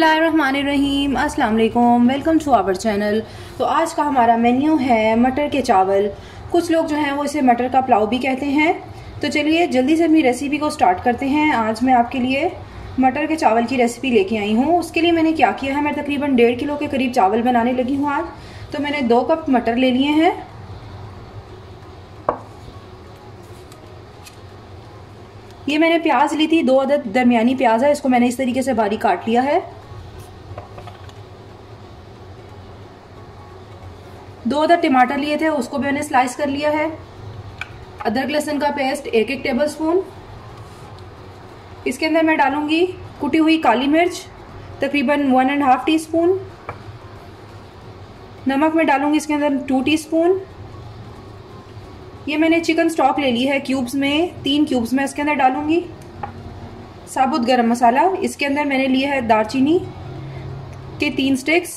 बिस्मिल्लाम अस्सलाम वालेकुम welcome to our channel तो आज का हमारा मेन्यू है मटर के चावल कुछ लोग जो हैं वो इसे मटर का पुलाव भी कहते हैं तो चलिए जल्दी से अपनी रेसिपी को स्टार्ट करते हैं आज मैं आपके लिए मटर के चावल की रेसिपी लेके आई हूँ उसके लिए मैंने क्या किया है मैं तकरीबन डेढ़ किलो के करीब चावल बनाने लगी हूँ आज तो मैंने दो कप मटर ले लिए हैं ये मैंने प्याज ली थी दो अदद दरमियानी प्याज है इसको मैंने इस तरीके से बारीक काट लिया है दो अदर टमाटर लिए थे उसको भी मैंने स्लाइस कर लिया है अदरक लहसुन का पेस्ट एक एक टेबल स्पून इसके अंदर मैं डालूंगी कुटी हुई काली मिर्च तकरीबन one and half teaspoon नमक मैं डालूंगी इसके अंदर टू टी स्पून ये मैंने चिकन स्टॉक ले ली है क्यूब्स में तीन क्यूब्स में इसके अंदर डालूंगी साबुत गरम मसाला इसके अंदर मैंने लिया है दालचीनी के तीन स्टिक्स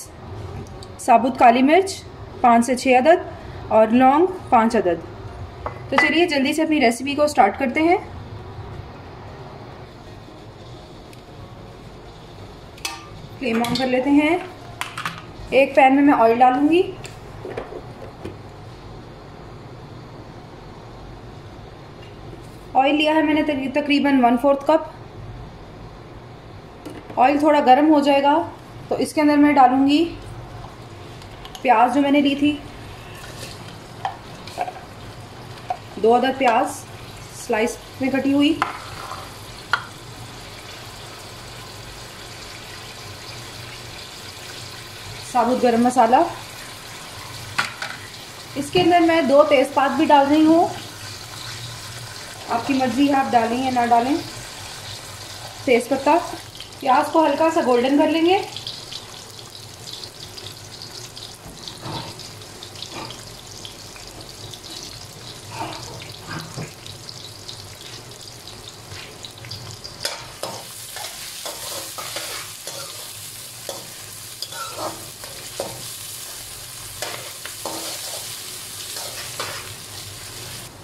साबुत काली मिर्च पाँच से छः अदद और लौंग पाँच अदद तो चलिए जल्दी से अपनी रेसिपी को स्टार्ट करते हैं फ्लेम ऑन कर लेते हैं एक पैन में मैं ऑयल डालूंगी ऑयल लिया है मैंने तकरीबन वन फोर्थ कप ऑयल थोड़ा गर्म हो जाएगा तो इसके अंदर मैं डालूंगी प्याज जो मैंने ली थी दो अदर प्याज स्लाइस में कटी हुई साबुत गरम मसाला इसके अंदर मैं दो तेज़पात भी डाल रही हूँ आपकी मर्ज़ी है आप डालें या ना डालें तेज़पत्ता प्याज को हल्का सा गोल्डन कर लेंगे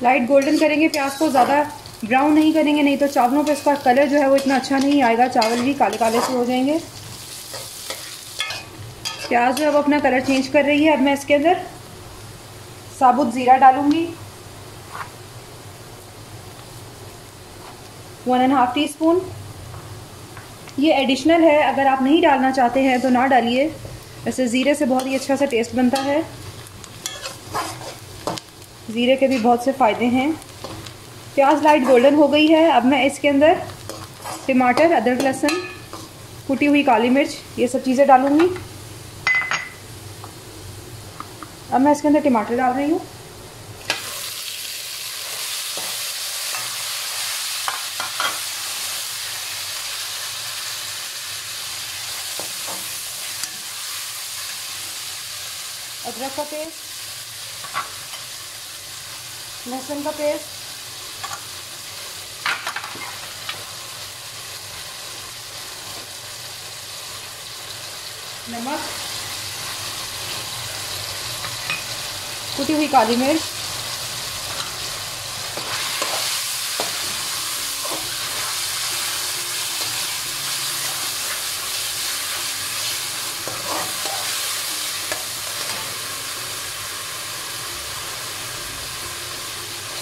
लाइट गोल्डन करेंगे प्याज को ज़्यादा ब्राउन नहीं करेंगे नहीं तो चावलों पर इसका कलर जो है वो इतना अच्छा नहीं आएगा चावल भी काले काले से हो जाएंगे प्याज जो अब अपना कलर चेंज कर रही है अब मैं इसके अंदर साबुत ज़ीरा डालूंगी one and half teaspoon ये एडिशनल है अगर आप नहीं डालना चाहते हैं तो ना डालिए वैसे ज़ीरे से बहुत ही अच्छा सा टेस्ट बनता है ज़ीरे के भी बहुत से फ़ायदे हैं प्याज लाइट गोल्डन हो गई है अब मैं इसके अंदर टमाटर अदरक लहसुन कुटी हुई काली मिर्च ये सब चीज़ें डालूंगी अब मैं इसके अंदर टमाटर डाल रही हूँ अदरक का पेस्ट लहसुन का पेस्ट नमक कुटी हुई काली मिर्च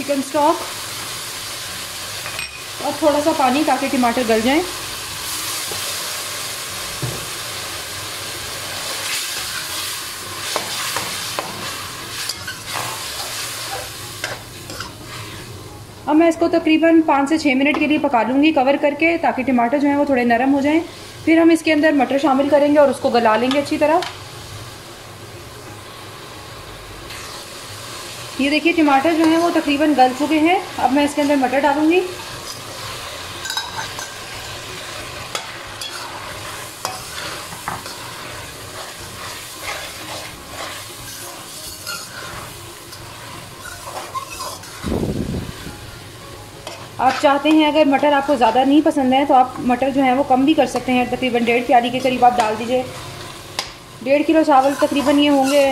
चिकन स्टॉक और थोड़ा सा पानी ताकि टमाटर गल जाएं अब मैं इसको तकरीबन पाँच से छः मिनट के लिए पका लूँगी कवर करके ताकि टमाटर जो है वो थोड़े नरम हो जाएं फिर हम इसके अंदर मटर शामिल करेंगे और उसको गला लेंगे अच्छी तरह ये देखिए टमाटर जो है वो तकरीबन गल चुके हैं अब मैं इसके अंदर मटर डालूंगी आप चाहते हैं अगर मटर आपको ज़्यादा नहीं पसंद है तो आप मटर जो है वो कम भी कर सकते हैं तकरीबन डेढ़ प्याली के करीब आप डाल दीजिए डेढ़ किलो चावल तकरीबन ये होंगे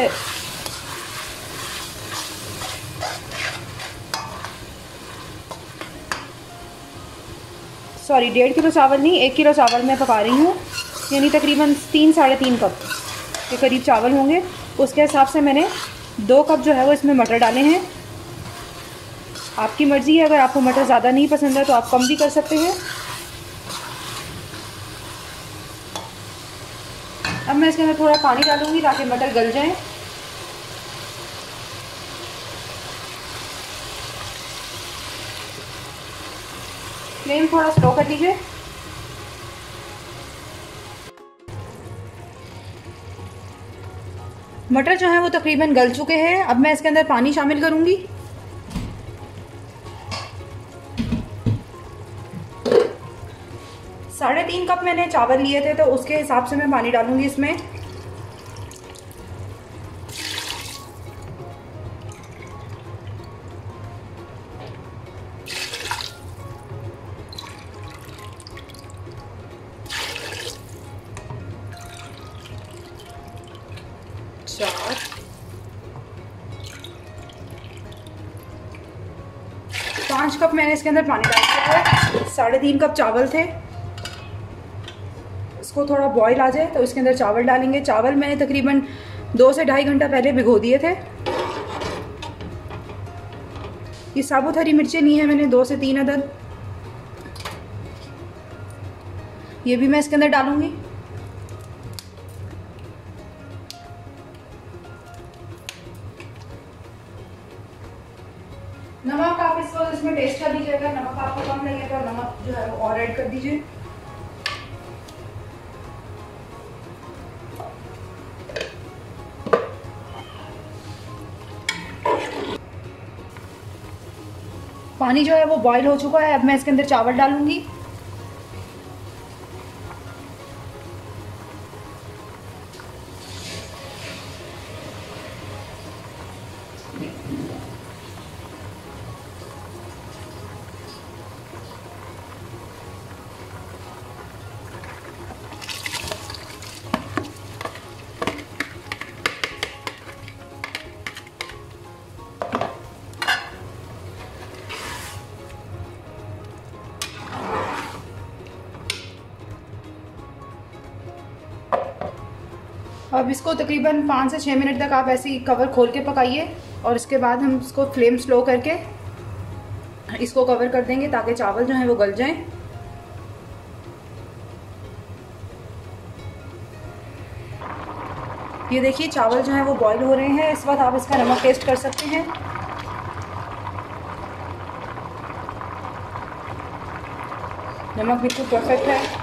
सॉरी डेढ़ किलो चावल नहीं एक किलो चावल मैं पका रही हूँ यानी तकरीबन तीन साढ़े तीन कप के करीब चावल होंगे उसके हिसाब से मैंने दो कप जो है वो इसमें मटर डाले हैं आपकी मर्ज़ी है अगर आपको मटर ज़्यादा नहीं पसंद है तो आप कम भी कर सकते हैं अब मैं इसके अंदर थोड़ा पानी डालूंगी ताकि मटर गल जाएँ फ्लेम थोड़ा स्लो कर दीजिए मटर जो है वो तकरीबन गल चुके हैं अब मैं इसके अंदर पानी शामिल करूंगी साढ़े तीन कप मैंने चावल लिए थे तो उसके हिसाब से मैं पानी डालूंगी इसमें चार पाँच कप मैंने इसके अंदर पानी डाल दिया है साढ़े तीन कप चावल थे इसको थोड़ा बॉईल आ जाए तो इसके अंदर चावल डालेंगे चावल मैंने तकरीबन दो से ढाई घंटा पहले भिगो दिए थे ये साबुत हरी मिर्चें ली है मैंने दो से तीन अदद ये भी मैं इसके अंदर डालूंगी जो है वो और ऐड कर दीजिए पानी जो है वो बॉईल हो चुका है अब मैं इसके अंदर चावल डालूंगी अब इसको तकरीबन पाँच से छः मिनट तक आप ऐसे ही कवर खोल के पकाइए और इसके बाद हम इसको फ्लेम स्लो करके इसको कवर कर देंगे ताकि चावल जो हैं वो गल जाएं ये देखिए चावल जो हैं वो बॉईल हो रहे हैं इस वक्त आप इसका नमक टेस्ट कर सकते हैं नमक बिल्कुल परफेक्ट है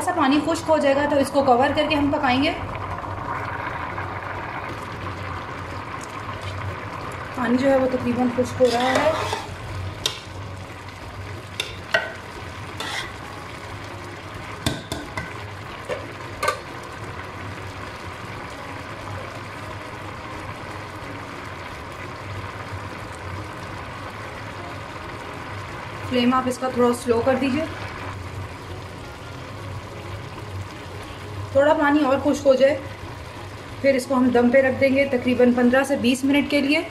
थोड़ा सा पानी खुश्क हो जाएगा तो इसको कवर करके हम पकाएंगे पानी जो है वो तकरीबन खुश्क हो रहा है फ्लेम आप इसका थोड़ा स्लो कर दीजिए थोड़ा पानी और खुश्क हो जाए फिर इसको हम दम पे रख देंगे तकरीबन 15 से 20 मिनट के लिए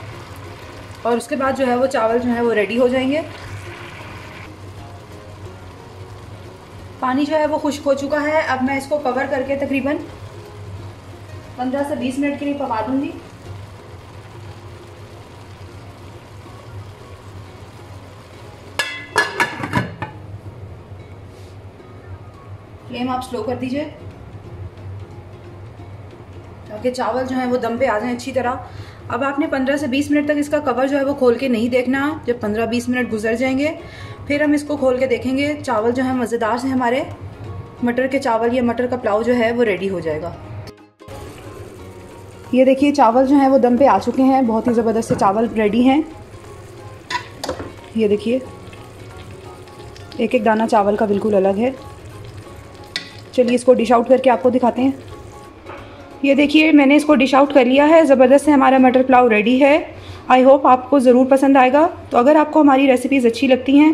और उसके बाद जो है वो चावल जो है वो रेडी हो जाएंगे पानी जो है वो खुश्क हो चुका है अब मैं इसको कवर करके तकरीबन 15 से 20 मिनट के लिए पका दूंगी फ्लेम आप स्लो कर दीजिए आपके चावल जो हैं वो दम पे आ जाएं अच्छी तरह अब आपने 15 से 20 मिनट तक इसका कवर जो है वो खोल के नहीं देखना जब 15-20 मिनट गुजर जाएंगे फिर हम इसको खोल के देखेंगे चावल जो है मज़ेदार से हमारे मटर के चावल या मटर का पुलाव जो है वो रेडी हो जाएगा ये देखिए चावल जो हैं वो दम पे आ चुके हैं बहुत ही ज़बरदस्त से चावल रेडी हैं ये देखिए एक एक दाना चावल का बिल्कुल अलग है चलिए इसको डिश आउट करके आपको दिखाते हैं ये देखिए मैंने इसको डिश आउट कर लिया है ज़बरदस्त से हमारा मटर पुलाव रेडी है आई होप आपको ज़रूर पसंद आएगा तो अगर आपको हमारी रेसिपीज़ अच्छी लगती हैं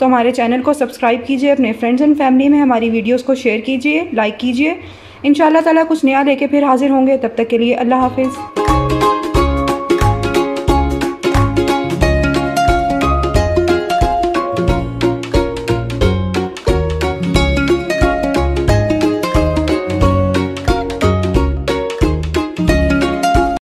तो हमारे चैनल को सब्सक्राइब कीजिए अपने फ्रेंड्स एंड फैमिली में हमारी वीडियोस को शेयर कीजिए लाइक कीजिए इन ताला कुछ नया लेके फिर हाजिर होंगे तब तक के लिए अल्लाह हाफिज़